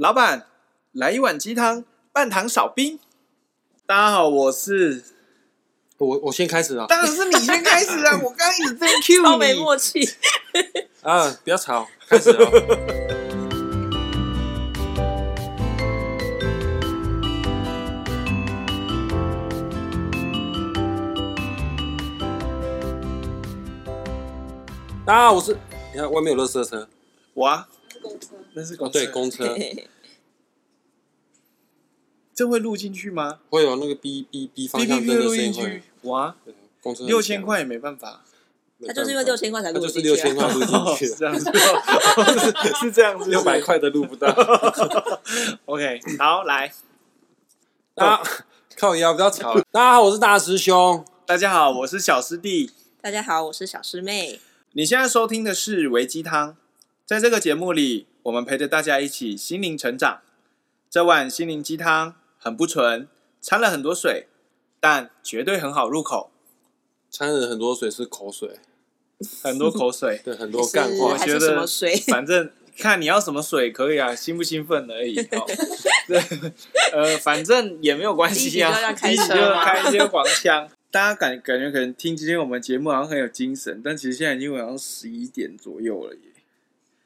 老闆，來一碗雞湯，半糖少冰。大家好，我是我，我先開始啊。當然是你先開始啊！ 我剛剛一直在 Q 你，超沒默契。啊，不要吵，開始了。好、 啊，我是，你、啊、看外面有垃圾車，我。啊。公那是公、哦、對公車，嘿嘿，這會錄進去嗎？會有那個 B B B 方向的錄進去。哇，嗯、公車六千塊也沒辦，沒辦法，他就是因為六千塊才錄進去、啊。六千塊錄進去，這樣子，是這樣子。六百塊都錄不到。OK，好來，啊，靠腰不要吵，大家好，我是大師兄。大家好，我是小師弟。大家好，我是小師妹。你現在收聽的是微雞湯。在這個節目裡，我們陪着大家一起心靈成長。這碗心靈雞湯很不純，摻了很多水，但絕對很好入口。摻了很多水是口水，很多口水， 對，很多幹話我覺得反正看你要什麼水可以啊，興不興奮而已。對、哦， 呃，反正也沒有關係啊。一起就,開,、啊、弟弟就開一些黃腔， 大家感感覺可能聽今天我們節目好像很有精神，但其實現在已經晚上十一點左右了。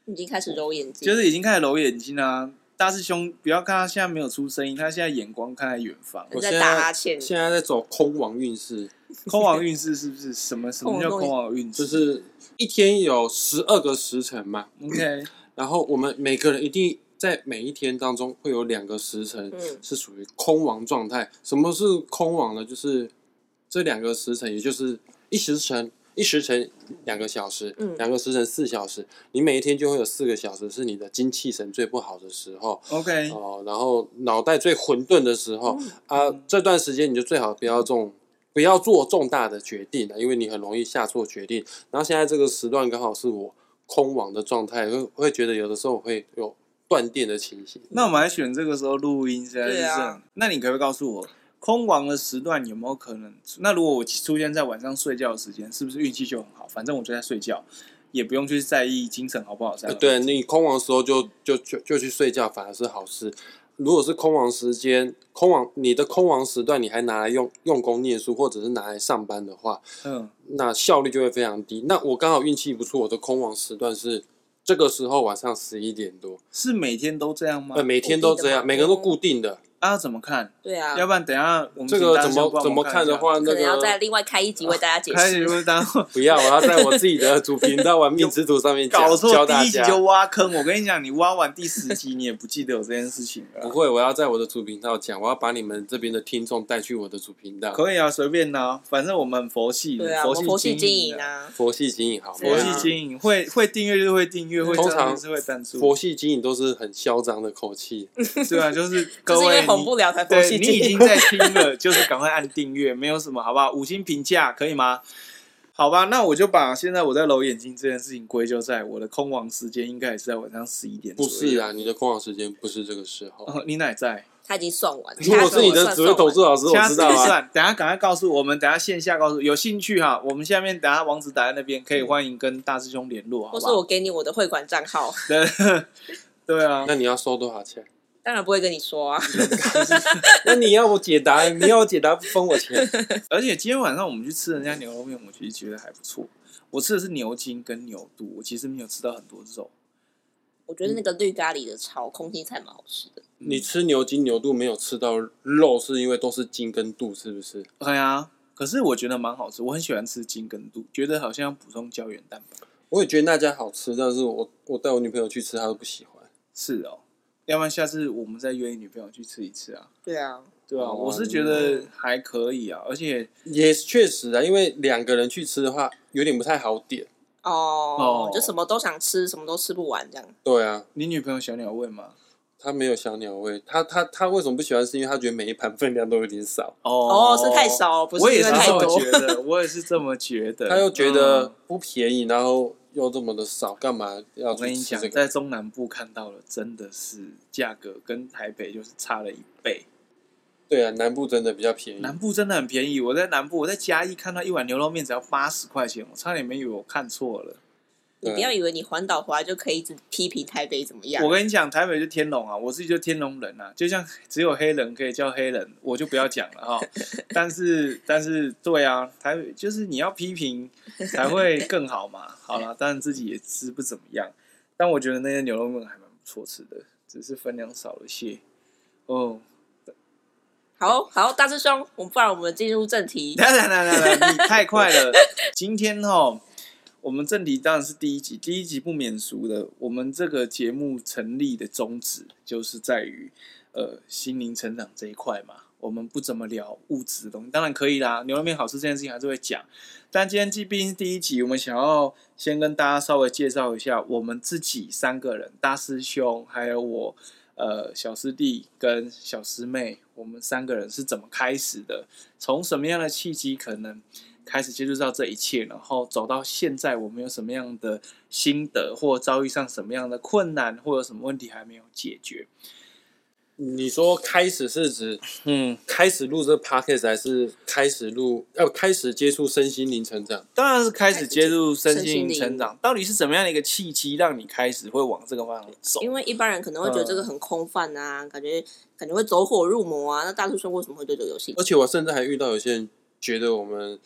已經開始揉眼睛，就是已經開始揉眼睛啦、啊。大師兄，不要看他現在沒有出聲音，他現在眼光看在遠方、啊。我在現在現在在走空亡運勢，空亡運勢是不是什麼，什麼叫空亡運勢？就是一天有十二個時辰嘛。OK，然後我們每個人一定在每一天當中會有兩個時辰是屬於空亡狀態。什麼是空亡呢？就是這兩個時辰，也就是一時辰，一時辰兩個小時，兩個時辰四小時、嗯，你每一天就會有四個小時是你的精氣神最不好的時候。OK，哦、呃，然後腦袋最混沌的時候、嗯、啊，這段時間你就最好不要重、嗯，不要做重大的決定，因為你很容易下錯決定。然後現在這個時段剛好是我空亡的狀態，會會覺得有的時候我會有斷電的情形。那我們來選這個時候錄音，現在就是這樣、啊。那你可不可以告訴我？空亡的時段有沒有可能？那如果我出現在晚上睡覺的時間，是不是運氣就很好？反正我就在睡覺，也不用去在意精神好不好。這、欸、對你空亡的時候就、嗯、就就就，就去睡覺，反而是好事。如果是空亡時間，空亡你的空亡時段，你還拿來用用功念書，或者是拿來上班的話，嗯，那效率就會非常低。那我剛好運氣不錯，我的空亡時段是這個時候晚上十一點多。是每天都這樣嗎？對，每天都這樣，OK, 每個人都固定的。要、啊、怎麼看？對啊，要不然等一下我們這個怎麼怎麼看的話，那個、可能要再另外開一集為大家解釋、啊。開一集 不要，我要在我自己的主頻道《玩命之徒》上面教大家。第一集就挖坑，我跟你講，你挖完第十集， 你也不記得有這件事情、啊。不會，我要在我的主頻道講，我要把你們這邊的聽眾帶去我的主頻道。可以啊，隨便啊，反正我們佛系，佛系經營啊，佛系經營好、啊啊，佛系經營會會訂閱就會訂閱，會通常會贊助。佛系經營、嗯嗯、都是很囂張的口氣，對啊，就是各位。 不聊才分析。你已經在聽了， 就是趕快按訂閱，沒有什麼，好不好？五星評價可以嗎？好吧，那我就把現在我在揉眼睛這件事情歸咎在我的空亡時間，應該也是在晚上十一點。不是啊，你的空亡時間不是這個時候。哦、你奶在？他已經算完了。如果是你的投訴老師我，我知道啊。等下趕快告訴我們，等下線下告訴我有興趣哈。我們下面等下網址打在那邊、嗯，可以歡迎跟大師兄聯絡，啊。好吧？或是我給你我的匯款賬號。 對啊，那你要收多少錢？當然不會跟你說啊 ！那你要我解答， 你要我解答不分我錢。 而且今天晚上我們去吃人家牛肉麵，我其實覺得還不錯。我吃的是牛筋跟牛肚，我其實沒有吃到很多肉。我覺得那個綠咖喱的炒、嗯、空心菜蠻好吃的。你吃牛筋牛肚沒有吃到肉，是因為都是筋跟肚，是不是？對、哎、啊。可是我覺得蠻好吃，我很喜歡吃筋跟肚，覺得好像要補充膠原蛋白。我也覺得那家好吃，但是我我帶我女朋友去吃，她都不喜歡。是哦。要不然下次我們再約你女朋友去吃一次啊？對啊，對啊，我是覺得還可以啊，而且也確實啊，因為兩個人去吃的話，有點不太好點哦，oh, oh, 就什麼都想吃，什麼都吃不完這樣。對啊，你女朋友小鳥胃嗎？她沒有小鳥胃，她她她為什麼不喜歡是因為她覺得每一盤分量都有點少哦，哦、oh, 是太少，不是因為太多，我也是，我， 我也是這麼覺得，我也是這麼覺得，她又覺得不便宜，oh. 然後。又這麼的少，幹嘛要這個？我跟你講，在中南部看到了，真的是價格跟台北就是差了一倍。對啊，南部真的比較便宜。南部真的很便宜，我在南部，我在嘉義看到一碗牛肉麵只要八十塊錢，我差點沒以為我看錯了。你不要以為你環島回就可以一直批評台北怎麼樣？嗯、我跟你講，台北就天龍啊，我自己就天龍人啊，就像只有黑人可以叫黑人，我就不要講了哈。 但是，但是，對啊，台北就是你要批評才會更好嘛。 好了，當然自己也吃不怎麼樣，但我覺得那些牛肉麵還蠻不錯吃的，只是分量少了些。哦、oh，好好，大師兄，我們不然我們進入正題。來來來來，你太快了， 今天齁。我們正題當然是第一集，第一集不免俗的。我們這個節目成立的宗旨就是在於，呃，心靈成長這一塊嘛。我們不怎麼聊物質的東西，當然可以啦。牛肉麵好吃這件事情還是會講。但今天既畢竟是第一集，我們想要先跟大家稍微介紹一下我們自己三個人，大師兄，還有我，呃，小師弟跟小師妹，我們三個人是怎麼開始的，從什麼樣的契機可能。開始接觸到這一切，然後走到現在，我們有什麼樣的心得，或遭遇上什麼樣的困難，或有什麼問題還沒有解決？你說開始是指，嗯，開始錄這 podcast 還是開始錄要、呃、開始接觸身心靈成長？當然是開始接觸身心靈成長。到底是怎麼樣的一個契機，讓你開始會往這個方向走？因為一般人可能會覺得這個很空泛啊，呃、感覺感覺會走火入魔啊。那大師兄為什麼會對這個遊戲？而且我甚至還遇到有些人。覺得我們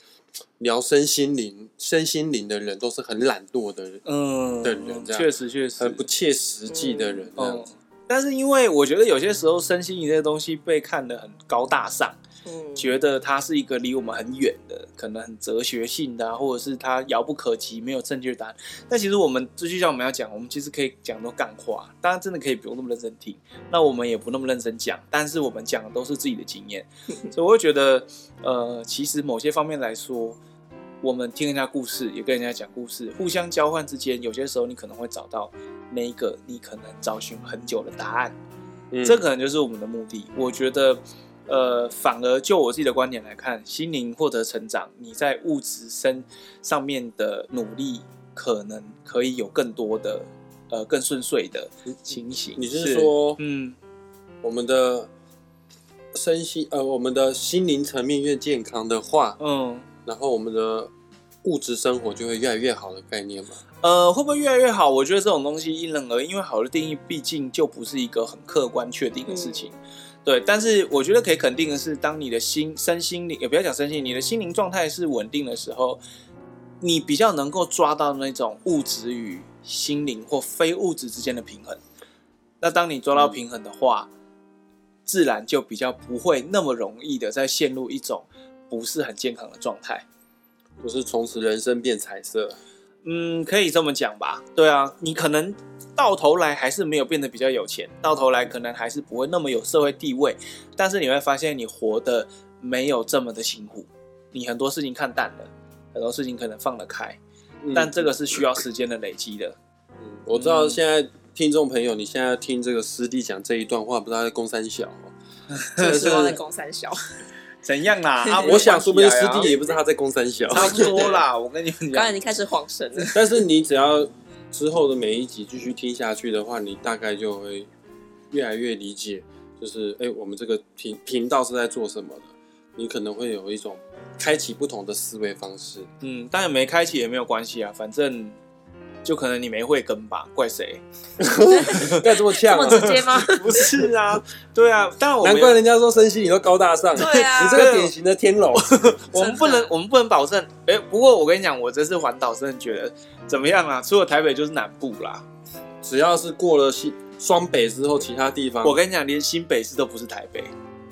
聊身心靈、身心靈的人都是很懶惰的人，嗯，的人這樣，確實確實很不切實際的人這樣子，嗯哦。但是因為我覺得有些時候身心靈的東西被看得很高大上。嗯、覺得它是一個離我們很遠的，可能很哲學性的、啊，或者是它遙不可及，沒有正確答案。那其實我們這就像我們要講，我們其實可以講的都幹話，當然真的可以不用那麼認真聽。那我們也不那麼認真講，但是我們講的都是自己的經驗。 所以，我會覺得，呃，其實某些方面來說，我們聽人家故事，也跟人家講故事，互相交換之間，有些時候你可能會找到那一個你可能找尋很久的答案、嗯。這可能就是我們的目的，我覺得。呃，反而就我自己的觀點來看，心靈獲得成長，你在物質身上面的努力，可能可以有更多的，呃，更順遂的情形。你,你是說是，嗯，我們的身心，呃，我們的心靈層面越健康的話，嗯，然後我們的物質生活就會越來越好的概念嗎？呃，會不會越來越好？我覺得這種東西因人而異，因為好的定義畢竟就不是一個很客觀確定的事情。嗯對，但是我覺得可以肯定的是，當你的心、身心靈，也不要講身心，你的心靈狀態是穩定的時候，你比較能夠抓到那種物質與心靈或非物質之間的平衡。那當你抓到平衡的話，嗯，自然就比較不會那麼容易的再陷入一種不是很健康的狀態。就是從此人生變彩色。嗯，可以這麼講吧。對啊，你可能到頭來還是沒有變得比較有錢，到頭來可能還是不會那麼有社會地位。但是你會發現，你活得沒有這麼的辛苦，你很多事情看淡了，很多事情可能放得開。嗯、但這個是需要時間的累積的。嗯，我知道現在聽眾朋友，你現在聽這個師弟講這一段話，不知道在公三小這個時候在公三小。 就是 怎樣啦？不啊、我想說不定，師弟也不知道他在公三小。他說啦， 我跟你們講。剛才你開始晃神了。但是你只要之後的每一集繼續聽下去的話，你大概就會越來越理解，就是哎、欸，我們這個頻頻道是在做什麼的。你可能會有一種開啟不同的思維方式。嗯，當然沒開啟也沒有關係啊，反正。就可能你沒會跟吧，怪誰？幹這麼嗆、啊？這麼直接嗎？不是啊，對啊，但我難怪人家說身心靈，你都高大上對、啊，你這個典型的天龍、啊。我們不能，我們不能保證。哎、欸，不過我跟你講，我這次環島真的覺得怎麼樣啊？除了台北就是南部啦，只要是過了新雙北之後，其他地方我跟你講，連新北市都不是台北。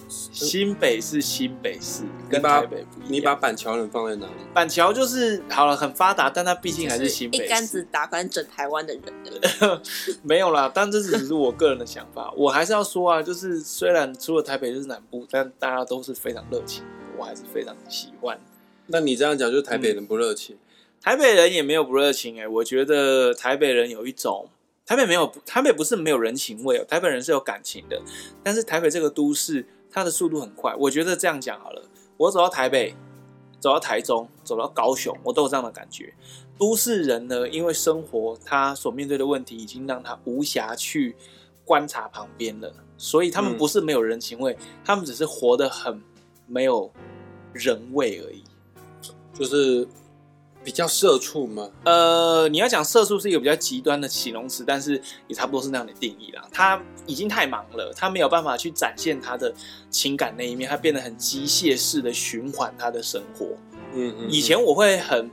新北市，新北市，跟台北不一樣。你把，你把板橋人放在哪裡？板橋就是好了，很發達，但它畢竟還是新北。一竿子打翻整台灣的人。 沒有啦，但這只是我個人的想法。 我還是要說啊，就是雖然除了台北就是南部，但大家都是非常熱情，我還是非常喜歡。那你這樣講，就是台北人不熱情、嗯？台北人也沒有不熱情哎、欸，我覺得台北人有一種台北沒有，台北不是沒有人情味哦、喔，台北人是有感情的，但是台北這個都市。他的速度很快，我覺得這樣講好了。我走到台北，走到台中，走到高雄，我都有這樣的感覺。都市人呢，因為生活他所面對的問題，已經讓他無暇去觀察旁邊了。所以他們不是沒有人情味，嗯、他們只是活得很沒有人味而已。就是。比較社畜嗎？呃，你要講社畜是一個比較極端的形容詞，但是也差不多是那樣的定義啦。他已經太忙了，他沒有辦法去展現他的情感那一面，他變得很機械式的循環他的生活。嗯嗯。以前我會很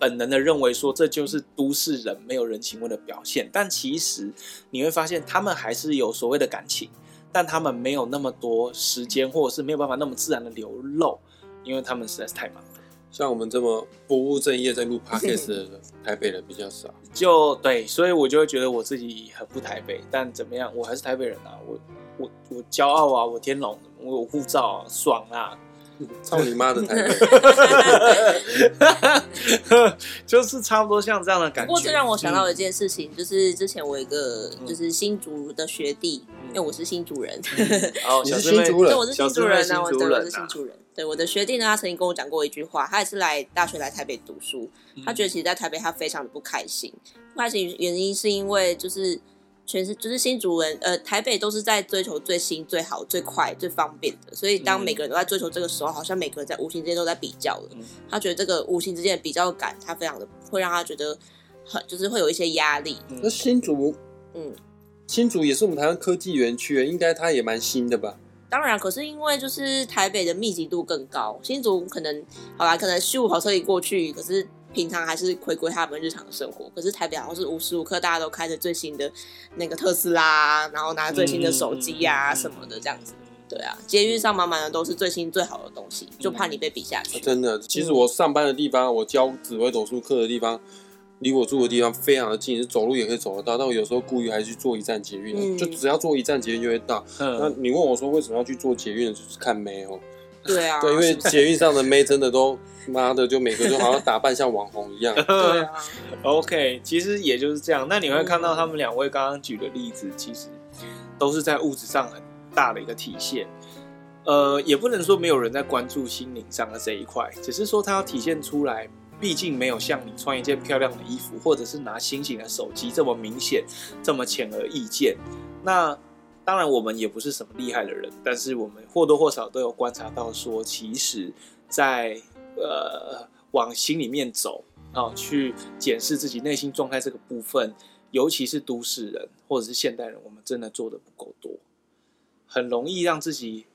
本能的認為說這就是都市人沒有人情味的表現，但其實你會發現他們還是有所謂的感情，但他們沒有那麼多時間，或者是沒有辦法那麼自然的流露，因為他們實在是太忙了。像我們這麼不務正業在錄 podcast 的台北人比較少 就，就對，所以我就會覺得我自己很不台北，但怎麼樣，我還是台北人啊，我我我驕傲啊，我天龍，我有護照啊，爽啊！操你媽的男人，就是差不多像這樣的感覺。不過，最讓我想到的一件事情，嗯、就是之前我一個、嗯、就是新竹的學弟，嗯、因為我是新竹人、哦、 是新竹人，你是新竹人，對，我是新竹人啊，人我我是新竹人。啊、對，我的學弟呢，他曾經跟我講過一句話，他也是來大學來台北讀書，他覺得其實在台北他非常的不開心，不開心原因是因為就是。全是就是新竹人，呃，台北都是在追求最新、最好、最快、最方便的，所以當每個人都在追求這個時候，嗯、好像每個人在無形之間都在比較了。他覺得這個無形之間的比較感，他非常的會讓他覺得很就是會有一些壓力，嗯。那新竹，嗯，新竹也是我們台灣科技園區，應該它也蠻新的吧？當然，可是因為就是台北的密集度更高，新竹可能好啦，可能十五號車一過去，可是。平常還是回歸他們日常的生活，可是台北好像是無時無刻大家都開着最新的那個特斯拉，然後拿最新的手機呀、啊嗯、什麼的這樣子，對啊，捷運上滿滿的都是最新最好的東西，就怕你被比下去。嗯、真的，其實我上班的地方，嗯、我教紫微斗數課的地方，離我住的地方非常的近，走路也可以走得到。但我有時候故意還是去坐一站捷運、嗯，就只要坐一站捷運就會到、嗯。那你問我說為什麼要去坐捷運？就是看沒有。對啊，對，因為捷運上的妹真的都媽的，就每個就好像打扮像網紅一樣。 對啊，OK，其實也就是這樣。那你會看到他們兩位剛剛舉的例子，其實都是在物質上很大的一個體現。呃，也不能說沒有人在關注心靈上的這一塊，只是說它要體現出來，畢竟沒有像你穿一件漂亮的衣服，或者是拿新型的手機這麼明顯，這麼顯而易見。那當然，我們也不是什麼厲害的人，但是我們或多或少都有觀察到，說其實在，在呃往心裡面走啊、哦，去檢視自己內心狀態這個部分，尤其是都市人或者是現代人，我們真的做得不夠多，很容易讓自己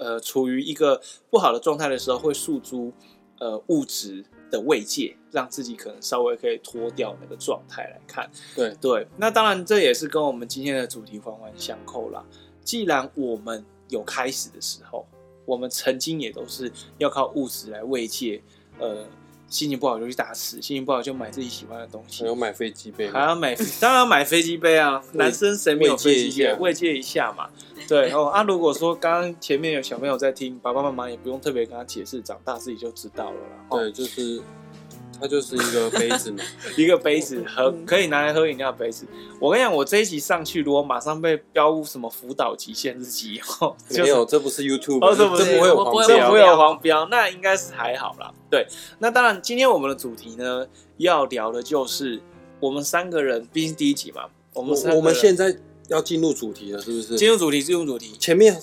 呃處於一個不好的狀態的時候會，會訴諸呃物質。的慰藉，讓自己可能稍微可以脫掉那個狀態來看。對對，那當然這也是跟我們今天的主題環環相扣啦。既然我們有開始的時候，我們曾經也都是要靠物質來慰藉，呃。心情不好就去打屎，心情不好就買自己喜歡的東西。還要買飛機杯，還要買，當然要買飛機杯啊， 男生誰沒有飛機杯？慰藉一，一下嘛，對哦。啊，如果說剛剛前面有小朋友在聽，爸爸媽媽也不用特別跟他解釋，長大自己就知道了啦。哦、對，就是。它就是一個杯子， 一個杯子喝， 可以拿來喝飲料的杯子。我跟你講，我這一集上去，如果馬上被標什麼輔導級限制級？沒有，這不是 YouTube，這不會有黃標，這不會有黃標，黃標那應該是還好啦。對，那當然，今天我們的主題呢，要聊的就是我們三個人，畢竟第一集嘛，我們三個人，我，我們現在要進入主題了，是不是？進入主題，進入主題，前面。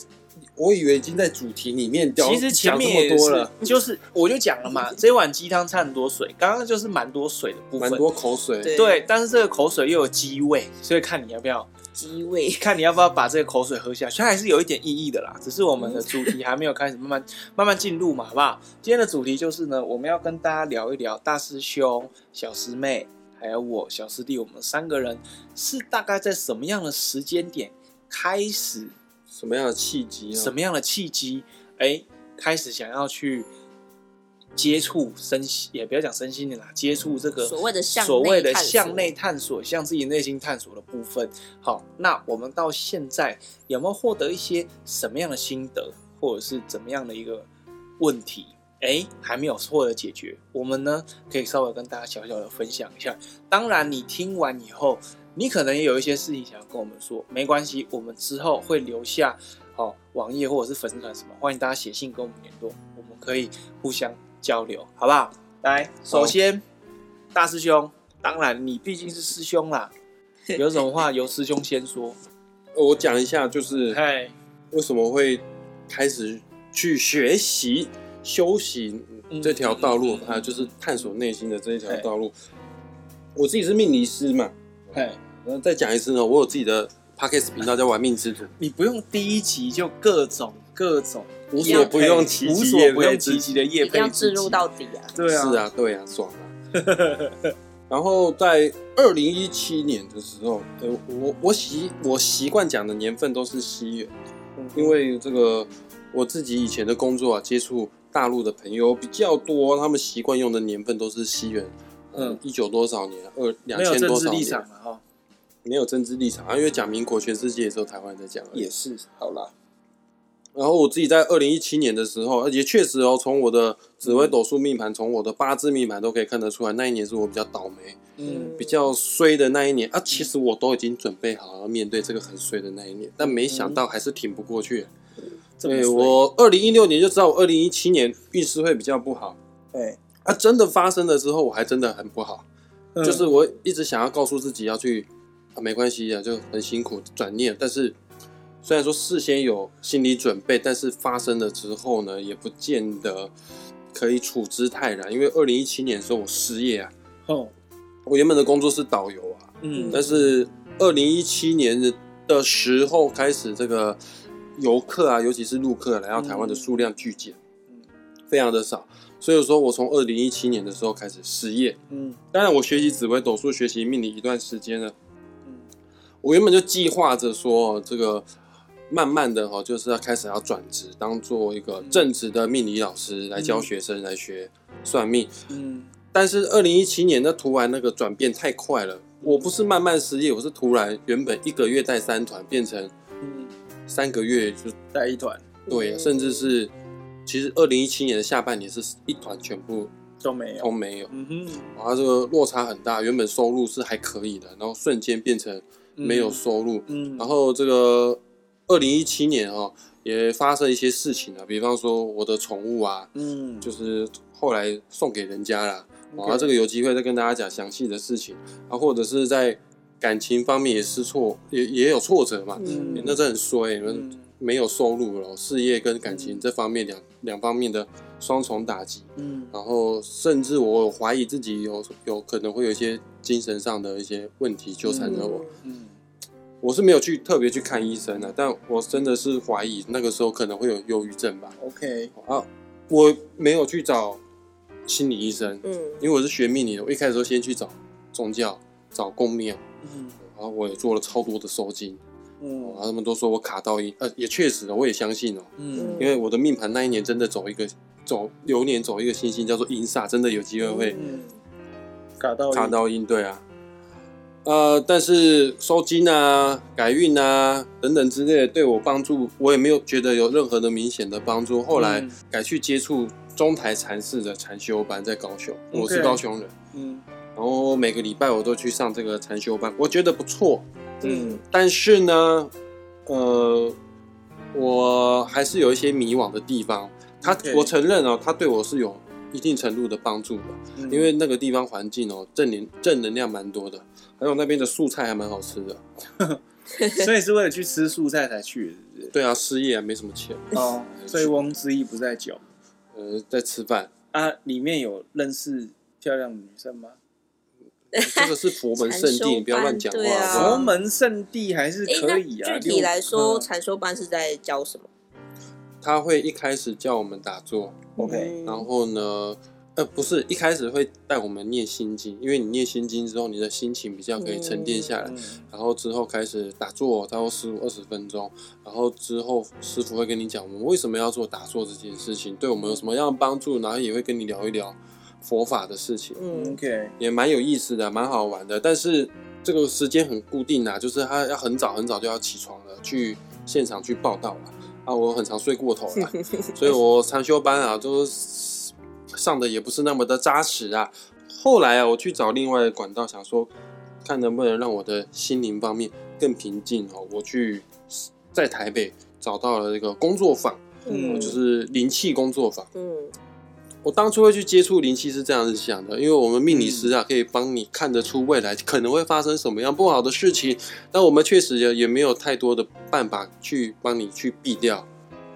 我以為已經在主題裡面，掉其實前面也講多了，就是我就講了嘛，這碗雞湯差很多水，剛剛就是蠻多水的部分，蠻多口水，對，對，但是這個口水又有雞味，所以看你要不要雞味，看你要不要把這個口水喝下去，還是有一點意義的啦，只是我們的主題還沒有開始慢慢慢慢進入嘛，好不好？今天的主題就是呢，我們要跟大家聊一聊大師兄、小師妹，還有我小師弟，我們三個人是大概在什麼樣的時間點開始。什麼樣的契機呢？什麼樣的契機？哎、欸，開始想要去接觸身心，也不要講身心的啦，接觸這個所謂的所謂的向內探索，向自己內心探索的部分。好，那我們到現在有沒有獲得一些什麼樣的心得，或者是怎麼樣的一個問題？哎、欸，還沒有獲得解決，我們呢可以稍微跟大家小小的分享一下。當然，你聽完以後。你可能也有一些事情想要跟我們說，沒關係，我們之後會留下哦，網頁或者是粉絲團什麼，歡迎大家寫信跟我們聯絡，我們可以互相交流，好不好？來，首先、哦、大師兄，當然你畢竟是師兄啦，有什麼話由師兄先說。 我講一下，就是，為什麼會開始去學習、修行這條道路，還、嗯、有、嗯嗯嗯嗯嗯啊、就是探索內心的這一條道路。我自己是命理師嘛。哎、hey,，再講一次呢，我有自己的 podcast 頻道叫《玩命之徒，》 你不用第一集就各種各種，無所不用其，無所不用其極的，也不要置入到底啊，對啊，是啊，對啊，對啊，爽啊！然後在二零一七年的時候，呃，我我習我習慣講的年份都是西元，因為這個我自己以前的工作啊，接觸大陸的朋友比較多，他們習慣用的年份都是西元。嗯，一九多少年？二兩千多少年？沒有政治立場嘛、啊、哈，沒有政治立場啊。因為講民國全世界的時候，台灣在講也是好啦。然後我自己在二零一七年的時候，也確實哦，從我的紫微斗數命盤、嗯，從我的八字命盤都可以看得出來，那一年是我比較倒霉，嗯，比較衰的那一年啊。其實我都已經準備好要面對這個很衰的那一年，但沒想到還是挺不過去。對、嗯哎，我二零一六年就知道我二零一七年運勢會比較不好。對。啊，真的發生了之後，我還真的很不好，就是我一直想要告訴自己要去啊，沒關係啊，就很辛苦轉念。但是雖然說事先有心理準備，但是發生了之後呢，也不見得可以處之泰然。因為二零一七年的時候，我失業啊，哦，我原本的工作是導遊啊，嗯，但是二零一七年的時候開始，這個遊客啊，尤其是陸客來到台灣的數量劇減，嗯，非常的少。所以說我從二零一七年的時候開始失業，嗯，當然我學習紫微斗數、學習命理一段時間了，嗯，我原本就計劃着說，這個慢慢的哈，就是要開始要轉職，當做一個正職的命理老師，嗯，來教學生，嗯，來學算命，嗯，但是二零一七年的突然那個轉變太快了，我不是慢慢失業，我是突然原本一個月帶三團變成，三個月就帶一團，對啊，嗯，甚至是。其實，二零一七年的下半年是一團全部都沒有，都沒有。嗯哼，哇、啊，這個落差很大。原本收入是還可以的，然後瞬間變成沒有收入。嗯，嗯然後這個二零一七年哦，也發生一些事情了、啊，比方說我的寵物啊，嗯，就是後來送給人家了。哇、嗯啊，這個有機會再跟大家講詳細的事情。啊，或者是在感情方面也是挫，也也有挫折嘛。嗯，欸、那這很衰，沒有收入了、嗯，事業跟感情這方面兩。兩方面的雙重打擊，嗯，然後甚至我懷疑自己有有，有可能會有一些精神上的一些問題糾纏着我，嗯，嗯，我是沒有去特別去看醫生的、嗯，但我真的是懷疑那個時候可能會有憂鬱症吧。OK，啊，我沒有去找心理醫生，嗯，因為我是學命理的，我一開始都先去找宗教，找宮廟。嗯，然後我也做了超多的收驚。哦，他們都說我卡到陰，呃，也確實我也相信哦、喔。嗯，因為我的命盤那一年真的走一個、嗯、走流年走一個星星叫做陰煞，真的有機會會卡到陰、嗯、卡到陰卡到陰對啊。呃，但是收驚啊、改運啊等等之類，對我幫助我也沒有覺得有任何的明顯的幫助。後來改去接觸中台禪寺的禪修班，在高雄、嗯，我是高雄人。嗯，然後每個禮拜我都去上這個禪修班，我覺得不錯。嗯，但是呢，呃，我還是有一些迷惘的地方。他，Okay. 我承認哦，他對我是有一定程度的幫助的。嗯，因為那個地方環境哦，正能正能量蠻多的，還有那邊的素菜還蠻好吃的， 所以是為了去吃素菜才去是不是 對啊，失業啊，沒什麼錢哦。醉、oh, 翁之意不在酒，呃，在吃飯啊。裡面有認識漂亮女生嗎？就是、這個是佛門聖地， 你不要亂講話、啊。佛門聖地還是可以啊。欸，具體來說，禪、嗯、修班是在教什麼？他會一開始叫我們打坐，OK。然後呢，呃，不是一開始會帶我們念心經，因為你念心經之後，你的心情比較可以沉澱下來、嗯。然後之後開始打坐，他約十五二十分鐘。然後之後師傅會跟你講，我們為什麼要做打坐這件事情，對我們有什麼樣的幫助，然後也會跟你聊一聊。佛法的事情，嗯，OK，也蠻有意思的，蠻好玩的。但是這個時間很固定啊，就是他要很早很早就要起床了，去現場去報到啊，啊，我很常睡過頭了、啊， 所以我禪修班啊，都上的也不是那麼的扎實啊。後來啊，我去找另外的管道，想說看能不能讓我的心靈方面更平靜哦。我去在台北找到了一個工作坊，嗯，哦、就是靈氣工作坊，嗯。嗯我當初會去接觸靈氣是這樣子想的，因為我們命理師啊，可以幫你看得出未來可能會發生什麼樣不好的事情，嗯、但我們確實也也沒有太多的辦法去幫你去避掉，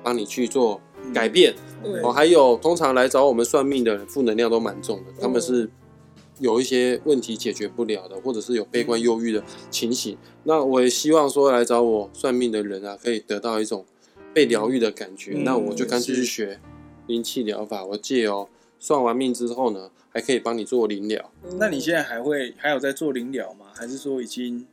幫你去做改變。嗯、哦，還有通常來找我們算命的人，負能量都蠻重的、哦，他們是有一些問題解決不了的，或者是有悲觀憂鬱的情形、嗯。那我也希望說來找我算命的人啊，可以得到一種被療癒的感覺。嗯、那我就乾脆去學。靈氣療法，我借哦，算完命之後呢，還可以幫你做靈療、嗯。那你現在還會還有在做靈療嗎？還是說已經？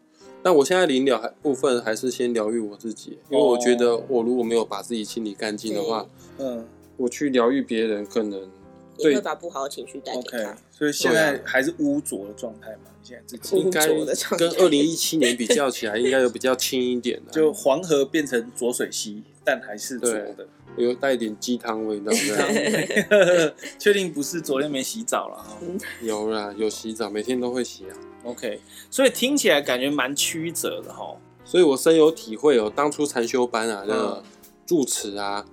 那我現在靈療還部分還是先療癒我自己、哦，因為我覺得我如果沒有把自己清理乾淨的話，嗯，我去療癒別人可能對，也會把不好的情緒帶給他 okay, 所以現在還是污濁的狀態嘛？你現在自己污濁的，應該跟二零一七年比較起來， 應該有比較輕一點的。就黃河變成濁水溪。但還是煮的對，有帶點雞湯味道。確 定不是昨天沒洗澡了啊？ 有啦，有洗澡，每天都會洗啊。OK，所以聽起來感覺蠻曲折的哈、哦。所以我深有體會哦，當初禪修班啊、嗯，那個住持啊、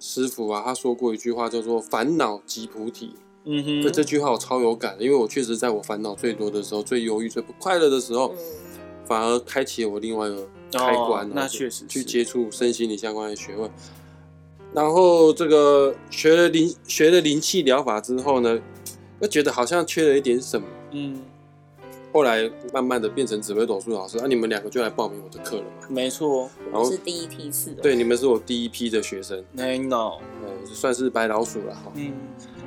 師傅啊，他說過一句話叫做“煩惱即菩提”。嗯哼，這這句話我超有感的，因為我確實在我煩惱最多的時候、最憂鬱、最不快樂的時候，嗯、反而開啟了我另外一個。Oh, 開關，那確實是去接觸身心靈相關的學問。然後這個學了靈學了靈氣療法之後呢，又覺得好像缺了一點什麼。嗯，後來慢慢的變成紫微斗數老師，啊，那你們兩個就來報名我的課了嘛。沒錯，我是第一批是。對，你們是我第一批的學生。no，呃，算是白老鼠了哈。嗯。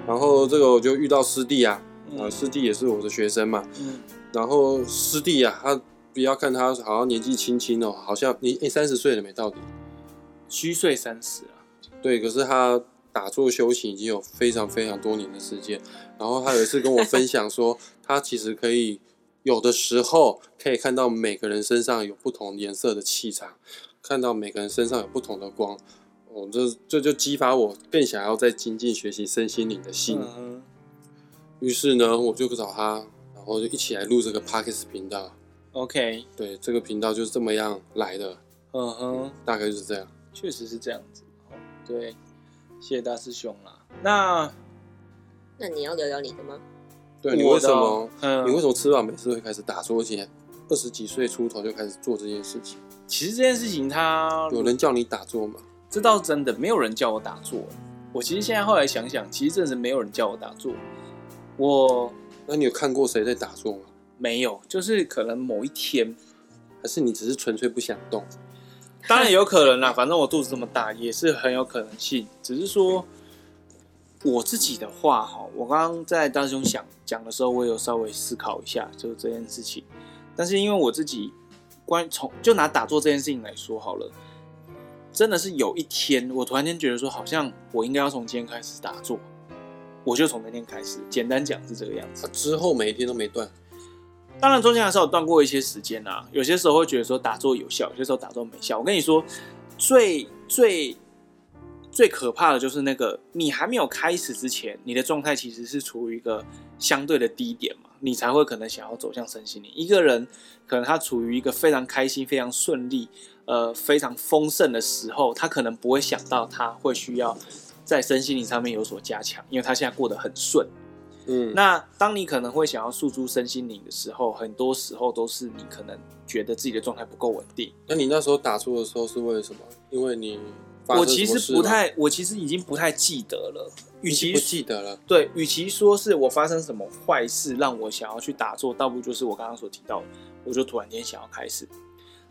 然後這個我就遇到師弟啊，呃，師弟也是我的學生嘛。嗯。然後師弟啊，他。不要看他好像年紀輕輕哦，好像你你三十歲了沒？到底虛歲三十啊？對，可是他打坐修行已經有非常非常多年的時間。然後他有一次跟我分享說， 他其實可以有的時候可以看到每個人身上有不同顏色的氣場，看到每個人身上有不同的光。我這這就激發我更想要再精進學習身心靈的心。嗯。於是呢，我就找他，然後就一起來錄這個 Podcast 頻道。OK，對，這個頻道就是這麼樣來的，嗯哼、嗯，大概就是這樣，確實是這樣子。對，謝謝大師兄啦。那那你要聊聊你的嗎？對，你為什麼、嗯？你為什麼吃完每次會開始打坐？而且二十幾歲出頭就開始做這件事情？其實這件事情它，他有人叫你打坐嗎？這倒是真的，沒有人叫我打坐。我其實現在後來想想，其實真的是沒有人叫我打坐。我，那你有看過誰在打坐嗎？沒有，就是可能某一天，還是你只是純粹不想動，當然有可能啦。反正我肚子這麼大，也是很有可能性。只是說，我自己的話哈，我剛剛在大師兄想講的時候，我也有稍微思考一下，就這件事情。但是因為我自己，關從就拿打坐這件事情來說好了，真的是有一天，我突然間覺得說，好像我應該要從今天開始打坐，我就從那天開始。簡單講是這個樣子，啊、之後每一天都沒斷。當然，中間還是有斷過一些時間啊。有些時候會覺得說打坐有效，有些時候打坐沒效。我跟你說，最最最可怕的就是那個，你還沒有開始之前，你的狀態其實是處於一個相對的低點嘛，你才會可能想要走向身心靈。一個人可能他處於一個非常開心、非常順利、呃非常豐盛的時候，他可能不會想到他會需要在身心靈上面有所加強，因為他現在過得很順。嗯，那當你可能會想要訴諸身心靈的時候，很多時候都是你可能覺得自己的狀態不夠穩定。那你那時候打坐的時候是為了什麼？因為你發生什麼事？我其實不太，我其實已經不太記得了。與其不記得了，對，與其說是我發生什麼壞事讓我想要去打坐，倒不就是我剛剛所提到的，我就突然間想要開始。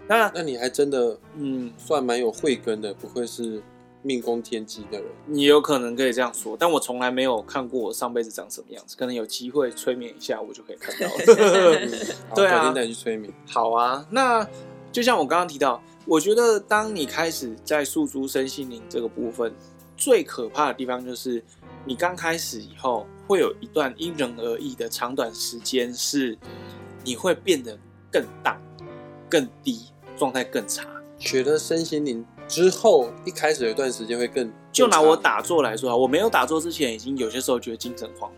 那那你還真的，嗯，算蠻有慧根的，不愧是。命宮天機的人，你有可能可以這樣說，但我從來沒有看過我上輩子長什麼樣子，可能有機會催眠一下，我就可以看到了。 對啊，改天帶你去催眠。好啊，那就像我剛剛提到，我覺得當你開始在訴諸身心靈這個部分，最可怕的地方就是你剛開始以後會有一段因人而異的長短時間，是你會變得更大、更低，狀態更差。覺得身心靈。之後一開始有一段時間會更，就拿我打坐來說啊，我沒有打坐之前，已經有些時候覺得精神恍惚，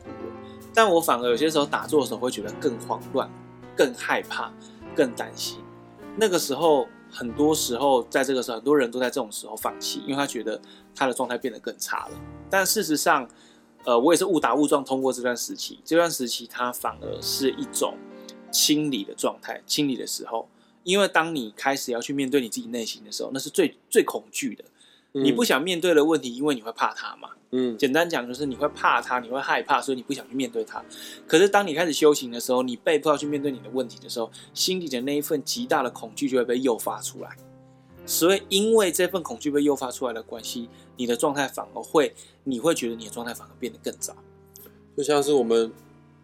但我反而有些時候打坐的時候會覺得更慌亂、更害怕、更擔心。那個時候，很多時候在這個時候，很多人都在這種時候放棄，因為他覺得他的狀態變得更差了。但事實上，呃，我也是誤打誤撞通過這段時期，這段時期它反而是一種清理的狀態，清理的時候。因為當你開始要去面對你自己內心的時候，那是最最恐懼的。嗯，你不想面對的問題，因為你會怕它嘛。嗯，簡單講就是你會怕它，你會害怕，所以你不想去面對它。可是當你開始修行的時候，你被迫要去面對你的問題的時候，心裡的那一份極大的恐懼就會被誘發出來。所以因為這份恐懼被誘發出來的關係，你的狀態反而會，你會覺得你的狀態反而變得更糟。就像是我們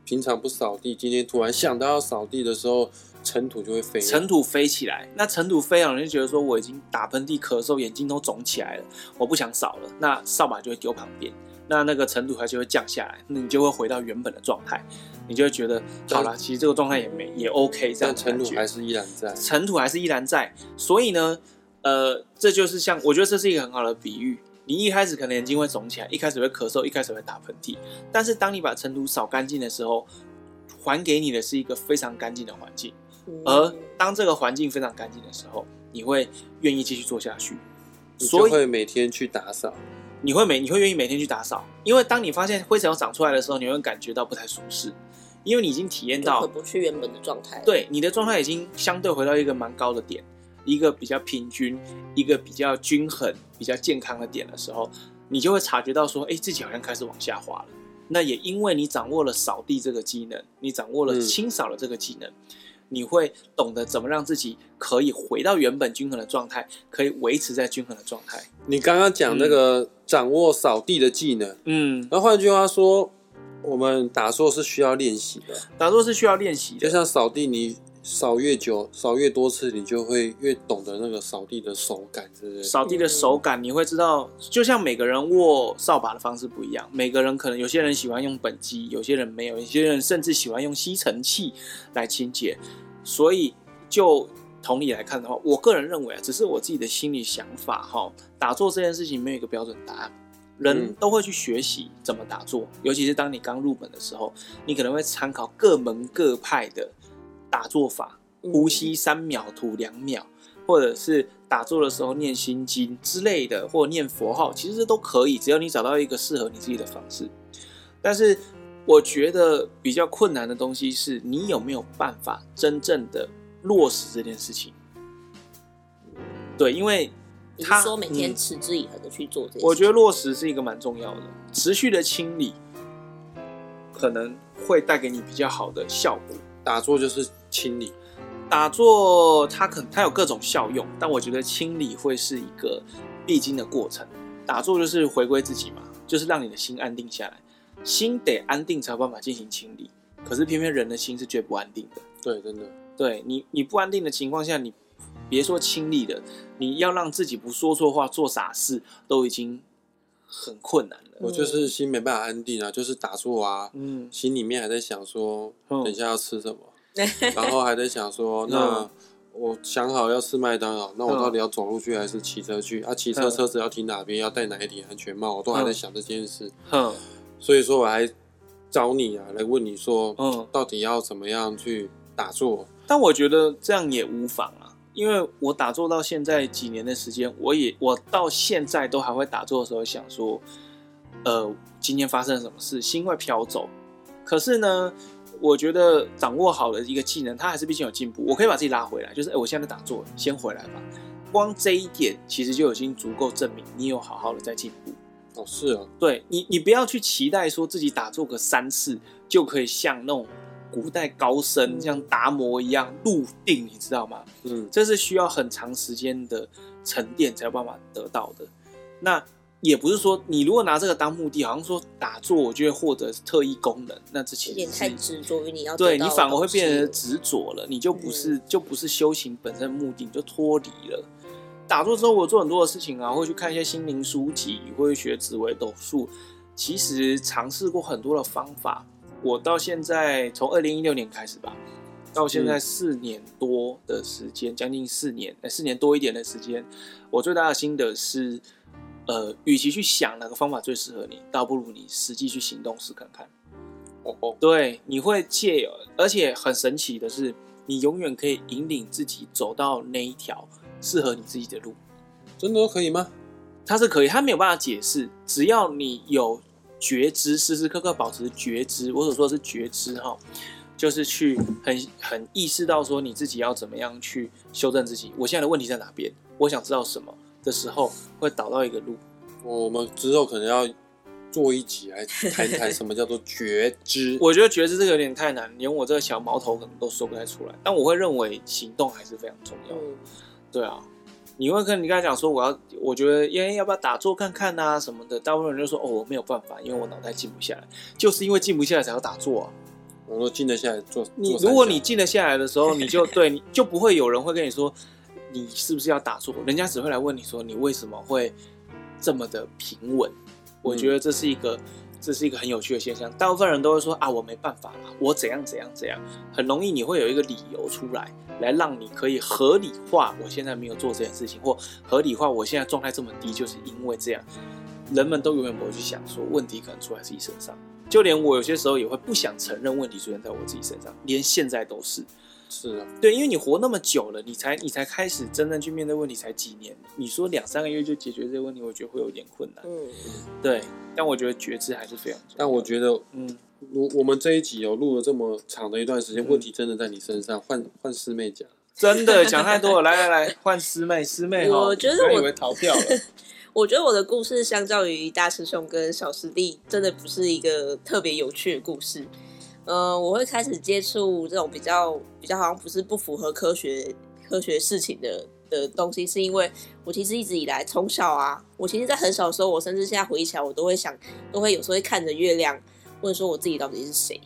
平常不掃地，今天突然想到要掃地的時候。塵土就會飛，塵土飛起來，那塵土飛了，你就覺得說我已經打噴嚏、咳嗽，眼睛都腫起來了，我不想掃了，那掃把就會丟旁邊，那那個塵土它就會降下來，那你就會回到原本的狀態，你就會覺得好啦，其實這個狀態也沒也 OK，這樣塵土還是依然在，塵土還是依然在，所以呢，呃，這就是像我覺得這是一個很好的比喻，你一開始可能眼睛會腫起來，一開始會咳嗽，一開始會打噴嚏，但是當你把塵土掃乾淨的時候，還給你的是一個非常乾淨的環境。而當這個環境非常乾淨的時候，你會願意繼續做下去。所以你會每天去打掃，你會每你會願意每天去打掃，因為當你發現灰塵要長出來的時候，你會感覺到不太舒適，因為你已經體驗到回不去原本的狀態。對，你的狀態已經相對回到一個蠻高的點，一個比較平均、一個比較均衡、比較健康的點的時候，你就會察覺到說，哎、欸，自己好像開始往下滑了。那也因為你掌握了掃地這個技能，你掌握了清掃的這個技能。嗯。你會懂得怎麼讓自己可以回到原本均衡的狀態，可以維持在均衡的狀態。你剛剛講那個掌握掃地的技能，嗯，那換句話說，我們打坐是需要練習的，打坐是需要練習的，就像掃地，你掃越久，掃越多次，你就會越懂得那個掃地的手感，之類掃地的手感，你會知道，就像每個人握掃把的方式不一樣，每個人可能有些人喜歡用畚箕，有些人沒有，有些人甚至喜歡用吸塵器來清潔。所以，就同理來看的話，我個人認為啊，只是我自己的心理想法哈。打坐這件事情沒有一個標準答案，人都會去學習怎麼打坐，嗯、尤其是當你剛入門的時候，你可能會參考各門各派的。打坐法，呼吸，三秒吐兩秒，或者是打坐的時候念心經之類的，或念佛號，其實都可以。只要你找到一個適合你自己的方式。但是，我覺得比較困難的東西是你有沒有辦法真正的落實這件事情。對，因為他說每天持之以恆的去做這些。嗯，我覺得落實是一個蠻重要的，持續的清理可能會帶給你比較好的效果。打坐就是清理，打坐它可它有各種效用，但我覺得清理會是一個必經的過程。打坐就是回歸自己嘛，就是讓你的心安定下來，心得安定才有辦法進行清理。可是偏偏人的心是絕不安定的，對，真的，對你你不安定的情況下，你別說清理了，你要讓自己不說錯話、做傻事，都已經。很困難的，我就是心沒辦法安定啊，嗯、就是打坐啊，嗯，心裡面還在想說，等一下要吃什麼，嗯、然後還在想說，那我想好要吃麥當勞，那我到底要走路去還是騎車去？嗯、啊，騎車、嗯、車子要停哪邊？要戴哪一頂安全帽？我都還在想這件事，哼、嗯，所以說我還找你啊，來問你說，嗯，到底要怎麼樣去打坐、嗯？但我覺得這樣也無妨啊。因為我打坐到現在幾年的時間，我也我到現在都還會打坐的時候想說，呃，今天發生了什麼事，心會飄走。可是呢，我覺得掌握好了一個技能，它還是畢竟有進步。我可以把自己拉回來，就是哎，我現在在打坐，先回來吧。光這一點，其實就已經足夠證明你有好好的在進步。哦，是啊，對你，你不要去期待說自己打坐個三次就可以像那種。古代高僧像達摩一樣入定，你知道嗎？嗯，這是需要很長時間的沉澱才有辦法得到的。那也不是說你如果拿這個當目的，好像說打坐我就會獲得，獲得特異功能，那之前是有點太執着於你要。對你反而會變得執着了，你就不是、嗯、就不是修行本身的目的，你就脫離了。打坐之後，我做很多的事情啊，會去看一些心靈書籍，會去學紫微斗數，其實嘗試過很多的方法。嗯我到現在從二零一六年開始吧，到現在四年多的時間，嗯，將近四年，四年多一點的時間，我最大的心得是，呃，與其去想哪個方法最適合你，倒不如你實際去行動試看看。哦哦，對，你會借，而且很神奇的是，你永遠可以引領自己走到那一條適合你自己的路。真的可以嗎？他是可以，他沒有辦法解釋，只要你有。覺知，時時刻刻保持覺知。我所說的是覺知，哈，就是去很很意識到說你自己要怎麼樣去修正自己。我現在的問題在哪邊？我想知道什麼的時候會導到一個路？我們之後可能要做一集來談一談什麼叫做覺知。 我覺得覺知這個有點太難，連我這個小毛頭可能都說不太出來。但我會認為行動還是非常重要的。對啊。你會跟你剛才講說，我要，我覺得，要不要打坐看看啊什麼的？大部分人就說，哦，我沒有辦法，因為我腦袋靜不下來，就是因為靜不下來才要打坐啊。我說靜得下來做，你如果你靜得下來的時候，你就對，你就不會有人會跟你說，你是不是要打坐？人家只會來問你說，你為什麼會這麼的平穩？我覺得這是一個。這是一個很有趣的現象，大部分人都會說啊，我沒辦法了，啊，我怎樣怎樣怎樣，很容易你會有一個理由出來，來讓你可以合理化我現在沒有做這件事情，或合理化我現在狀態這麼低，就是因為這樣。人們都永遠不會去想說問題可能出在自己身上，就連我有些時候也會不想承認問題出現在我自己身上，連現在都是。是啊，對，因為你活那麼久了，你才你才開始真正去面對問題才幾年，你說兩三個月就解決這些問題，我覺得會有點困難。嗯對，但我覺得覺知還是非常重要。但我覺得，嗯，我我們這一集有、哦、錄了這麼長的一段時間，嗯、問題真的在你身上。換換師妹講，真的想太多了。 來來來，換師妹，師妹哈、哦。我覺得我以為逃票了。我覺得我的故事相較於大師兄跟小師弟，真的不是一個特別有趣的故事。嗯、呃，我會開始接觸這種比較比較好像不是不符合科學科學事情的的東西，是因為我其實一直以來從小啊，我其實，在很小的時候，我甚至現在回憶起來，我都會想，都會有時候會看着月亮，問說我自己到底是誰？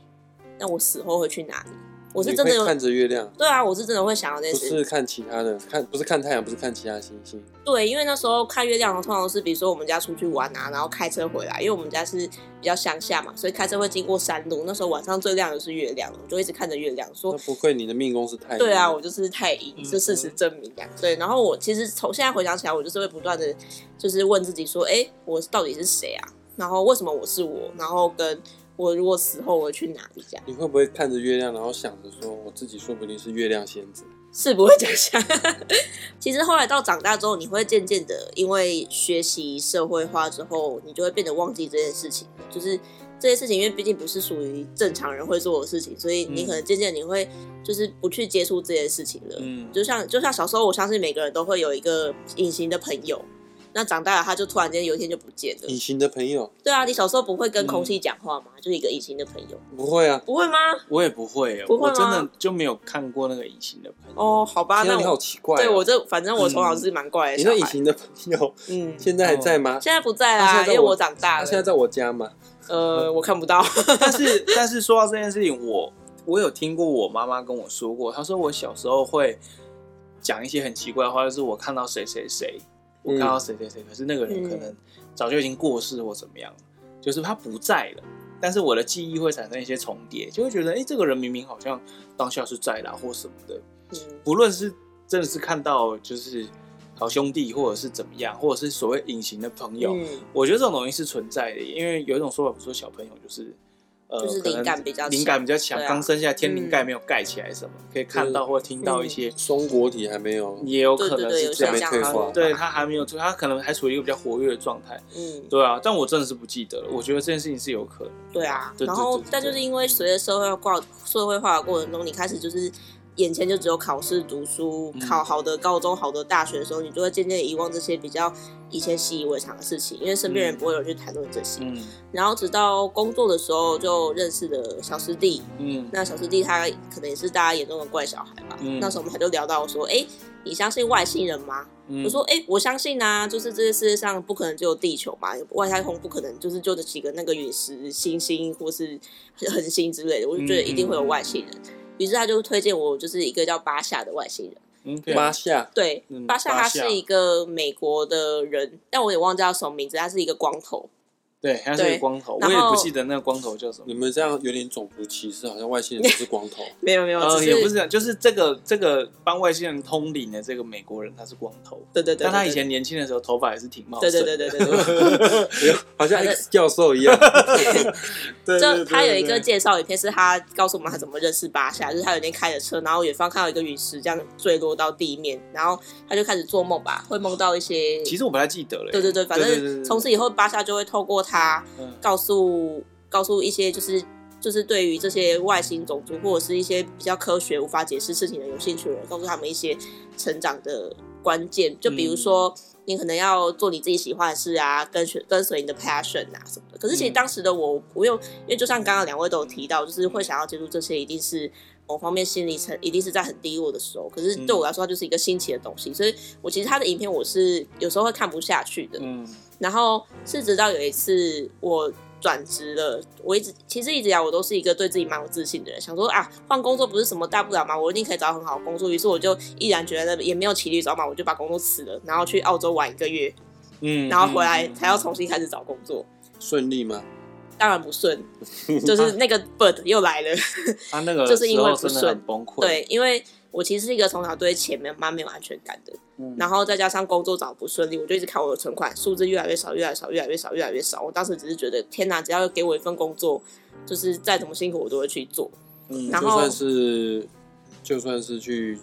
那我死後會去哪裡？我是真的有看着月亮，對啊，我是真的會想到這件事。不是看其他的，看不是看太陽，不是看其他星星。對，因為那時候看月亮的通常是比如說我們家出去玩啊，然後開車回來，因為我們家是比較鄉下嘛，所以開車會經過山路。那時候晚上最亮的是月亮，我就一直看着月亮。說那不愧你的命宮是太陽。對啊，我就是太陰，這事實證明啊、嗯。對，然後我其實從現在回想起來，我就是會不斷的，就是問自己說，哎、欸，我到底是誰啊？然後為什麼我是我？然後跟。我如果死後，我會去哪一家？你會不會看着月亮，然後想着說，我自己說不定是月亮仙子？是不會這樣想。 其實後來到長大之後，你會漸漸的，因為學習社會化之後，你就會變得忘記這件事情。就是這件事情，因為畢竟不是屬於正常人會做的事情，所以你可能漸漸你會就是不去接觸這件事情了。嗯，就像就像小時候，我相信每個人都會有一個隱形的朋友。那長大了，他就突然間有一天就不見了。隱形的朋友，對啊，你小時候不會跟空氣講話嗎？嗯、就是一個隱形的朋友，不會啊，不會嗎？我也不會，不會嗎？我真的就沒有看過那個隱形的朋友。哦，好吧，那你好奇怪、啊。對我這，反正我從小是蠻怪的、嗯。你說隱形的朋友，嗯，現在還在嗎？哦、現在不在啊。因為我長大了。他現在在我家嗎？呃，我看不到。 但是，但是說到這件事情，我我有聽過我媽媽跟我說過，她說我小時候會講一些很奇怪的話，就是我看到誰誰誰。我看到誰誰誰，可是那個人可能早就已經過世或怎麼樣、嗯，就是他不在了。但是我的記憶會產生一些重疊，就會覺得，哎、欸，這個人明明好像當下是在啦或什麼的。嗯、不論是真的是看到就是好兄弟，或者是怎麼樣，或者是所謂隱形的朋友、嗯，我覺得這種東西是存在的。因為有一種說法，比如說小朋友就是。呃、就是靈感比較靈感比較強，剛、啊、生下的天靈蓋沒有蓋起來什麼、嗯，可以看到或聽到一些松果體還沒有，也有可能是對對對還沒退化對，他還沒有，他可能還處於一個比較活躍的狀態，嗯，對啊，但我真的是不記得了，我覺得這件事情是有可能，對啊，對對對對對，然後但就是因為隨着社會掛社會化的過程中，你開始就是。眼前就只有考試、讀書、考好的高中、嗯、好的大學的時候，你就會漸漸遺忘這些比較以前習以為常的事情，因為身邊人不會有去談論這些、嗯嗯。然後直到工作的時候，就認識了小師弟。嗯，那小師弟他可能也是大家眼中的怪小孩嘛、嗯。那時候我們還就聊到我說：“哎、欸，你相信外星人嗎？”嗯、我說：“哎、欸，我相信啊，就是這個世界上不可能只有地球嘛，外太空不可能就是就這幾個那個隕石、星星或是恆星之類的，我就覺得一定會有外星人。嗯”嗯於是他就推薦我，就是一個叫巴夏的外星人。嗯，巴夏。對，巴夏，他是一個美國的人，但我也忘記叫什麼名字。他是一個光頭。對，他是一個光頭，我也不記得那個光頭叫什麼。你們這樣有點種族歧視，好像外星人都是光頭。 沒有沒有，呃，就是、也不是，這樣，就是這個這個幫外星人通靈的這個美國人，他是光頭。對對對，但他以前年輕的時候頭髮還是挺茂盛的。對對對對對，對， 好像 X 教授一樣。 對，對，對，對對對。就他有一個介紹影片，是他告訴我們他怎麼認識巴夏，就是他有一天開着車，然後遠方看到一個隕石這樣墜落到地面，然後他就開始做夢吧，會夢到一些。其實我不太記得了。對對對，反正從此以後巴夏就會透過他。他告訴告訴一些、就是，就是就是對於這些外星種族或者是一些比較科學無法解釋事情的有興趣的人，告訴他們一些成長的關鍵。就比如說，你可能要做你自己喜歡的事啊，跟隨跟隨你的 passion 啊什麼的。可是其實當時的我，不用因為就像剛剛兩位都有提到，就是會想要接觸這些，一定是某方面心理層一定是在很低落的時候。可是對我來說，它就是一個新奇的東西，所以我其實他的影片我是有時候會看不下去的。嗯。然後是直到有一次我轉職了，我一直其實一直以來我都是一個對自己蠻有自信的人，想說啊換工作不是什麼大不了嘛，我一定可以找到很好工作。於是我就毅然決然也沒有騎驢找馬，我就把工作辭了，然後去澳洲玩一個月，嗯，然後回來才要重新開始找工作。嗯嗯嗯、順利嗎？當然不順，就是那個 bird 又來了，他那個就是因為不順、啊那個、很崩潰，對，因為。我其實是一個從小對錢沒有、蠻沒有安全感的、嗯，然後再加上工作找不順利，我就一直看我的存款數字越來越少，越來越少、越來越少、越來越少、越來越少。我當時只是覺得，天哪！只要給我一份工作，就是再怎麼辛苦我都會去做。嗯，然後就算是就算是去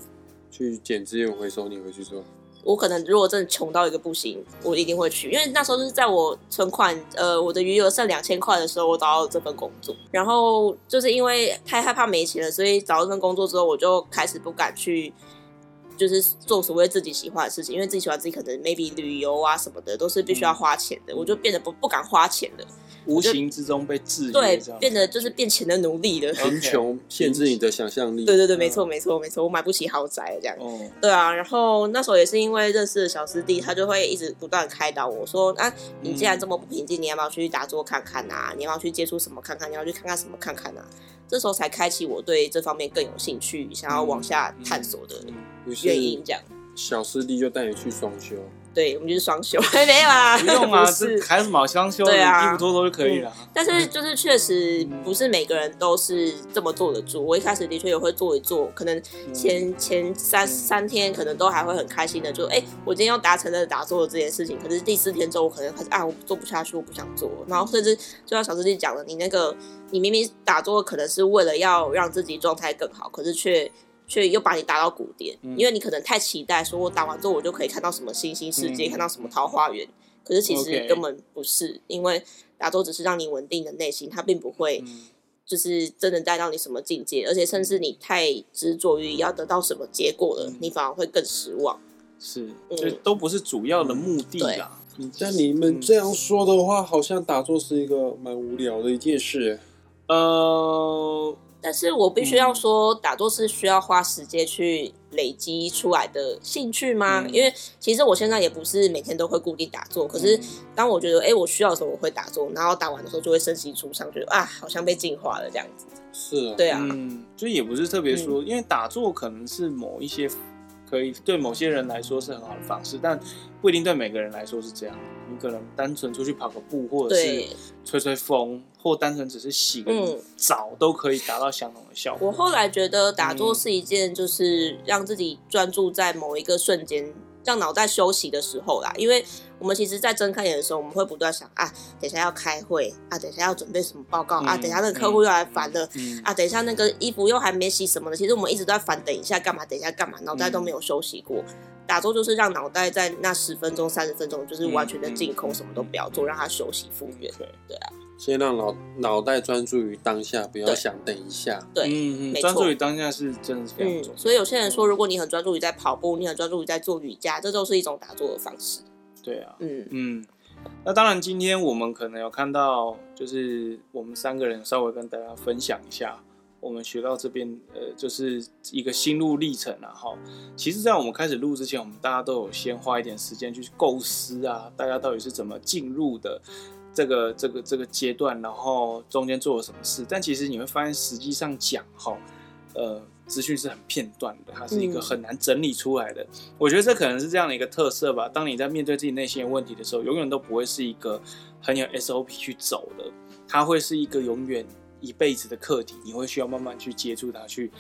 去撿資源回收，你回去做。我可能如果真的窮到一個不行，我一定會去，因為那時候是在我存款呃，我的餘額剩兩千塊的時候，我找到這份工作。然後就是因為太害怕沒錢了，所以找到這份工作之後，我就開始不敢去，就是做所謂自己喜歡的事情，因為自己喜歡自己可能 maybe 旅遊啊什麼的都是必須要花錢的，嗯，我就變得不不敢花錢了。無形之中被制約，對，變得就是變錢的奴隸了，貧窮，okay, 限制你的想象力。對對對，嗯、沒錯沒錯沒錯，我買不起豪宅這樣。哦，對啊，然後那時候也是因為認識了小師弟，他就會一直不斷開導我說，啊你既然這麼不平靜、嗯，你要不要去打坐看看啊？你要不要去接觸什麼看看？你要不要去看看什麼看看啊？這時候才開啟我對這方面更有興趣，想要往下探索的原因。這樣，嗯嗯嗯、小師弟就帶你去雙修。對，我們就是雙休， 沒有啊，不用啊， 是還是嘛雙休，對啊，一周做做就可以了。嗯、但是就是確實不是每個人都是這麼坐得住、嗯。我一開始的確也會做一做，可能前前三三天可能都還會很開心的，就哎、欸，我今天又達成了打坐這件事情。可是第四天之後，可能還是啊，我做不下去，我不想做。然後甚至就像小師弟講了，你那個你明明打坐可能是為了要讓自己狀態更好，可是卻。所以又把你打到谷底、嗯，因為你可能太期待，說我打完之後我就可以看到什麼新興世界、嗯，看到什麼桃花源、嗯。可是其實根本不是，okay. 因為打坐只是讓你穩定的內心，它並不會就是真的帶到你什麼境界。嗯、而且，甚至你太執着於要得到什麼結果了、嗯，你反而會更失望。是，這、嗯、都不是主要的目的啊。嗯、對你像你們這樣說的話，好像打坐是一個蠻無聊的一件事。嗯。但是我必須要說、嗯，打坐是需要花時間去累積出來的興趣嗎、嗯？因為其實我現在也不是每天都會固定打坐，可是當我覺得哎、嗯欸，我需要的時候我會打坐，然後打完的時候就會身心舒暢，覺得啊，好像被淨化了這樣子。是啊，對啊，嗯，就也不是特別說、嗯，因為打坐可能是某一些。可以對某些人來說是很好的方式，但不一定對每個人來說是這樣。你可能單純出去跑個步，或者是吹吹風，或單純只是洗個澡，嗯，都可以達到相同的效果。我後來覺得打坐是一件，就是讓自己專注在某一個瞬間。嗯讓腦袋休息的時候啦，因為我們其實，在睜開眼的時候，我們會不斷想啊，等一下要開會啊，等一下要準備什麼報告、嗯、啊，等一下那個客戶又來煩了、嗯嗯、啊，等一下那個衣服又還沒洗什麼的。其實我們一直都在煩，等一下幹嘛？等一下幹嘛？腦袋都沒有休息過。嗯、打坐就是讓腦袋在那十分鐘、三十分鐘，就是完全的靜空，什麼都不要做，嗯嗯、讓它休息復原。對啊。先讓腦腦袋專注於當下，不要想等一下。對，對嗯，專、嗯、注於當下是真的是非常重、嗯。所以有些人說，如果你很專注於在跑步，你很專注於在做瑜伽，這就是一種打坐的方式。對啊，嗯嗯。那當然，今天我們可能有看到，就是我們三個人稍微跟大家分享一下，我們學到這邊呃，就是一個心路歷程然、啊、哈。其實，在我們開始錄之前，我們大家都有先花一點時間去構思啊，大家到底是怎麼進入的。這個這個這個階段，然後中間做了什麼事？但其實你會發現，實際上講哈，呃，資訊是很片段的，它是一個很難整理出來的。嗯。我覺得這可能是這樣的一個特色吧。當你在面對自己內心的問題的時候，永遠都不會是一個很有 SOP 去走的，它會是一個永遠一輩子的課題。你會需要慢慢去接觸它，去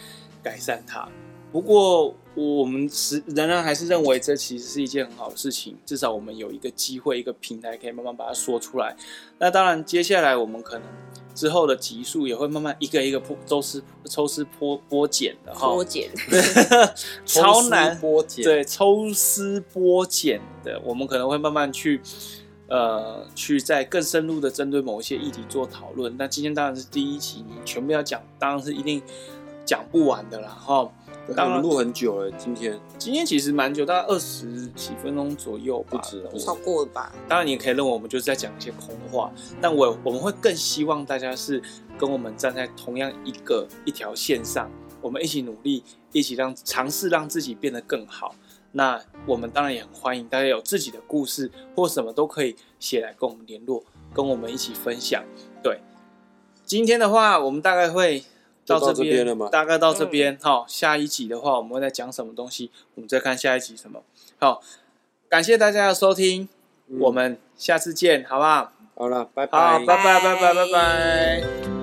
改善它。不過，我，我們是仍然還是認為這其實是一件很好的事情，至少我們有一個機會、一個平台，可以慢慢把它說出來。那當然，接下來我們可能之後的集數也會慢慢一個一個抽絲抽絲剝剝繭的哈、哦。剝繭， 超難 剝繭。對，抽絲剝繭的，我們可能會慢慢去呃，去在更深入的針對某一些議題做討論。那今天當然是第一期，你全部要講，當然是一定。講不完的啦，然後但我們錄很久了，今天今天其實蠻久，大概二十幾分鐘左右吧，不止了，不超過了吧？當然，你可以認為我們就是在講一些空話，但我我們會更希望大家是跟我們站在同樣一個一條線上，我們一起努力，一起讓嘗試讓自己變得更好。那我們當然也很歡迎大家有自己的故事或什麼都可以寫來跟我們聯絡，跟我們一起分享。對，今天的話，我們大概會。到這邊了嗎？大概到這邊，嗯。好，下一集的話，我們會再講什麼東西？我們再看下一集什麼。好，感謝大家的收聽，嗯、我們下次見，好不好？好了，拜拜，拜拜，拜拜，拜拜。拜拜。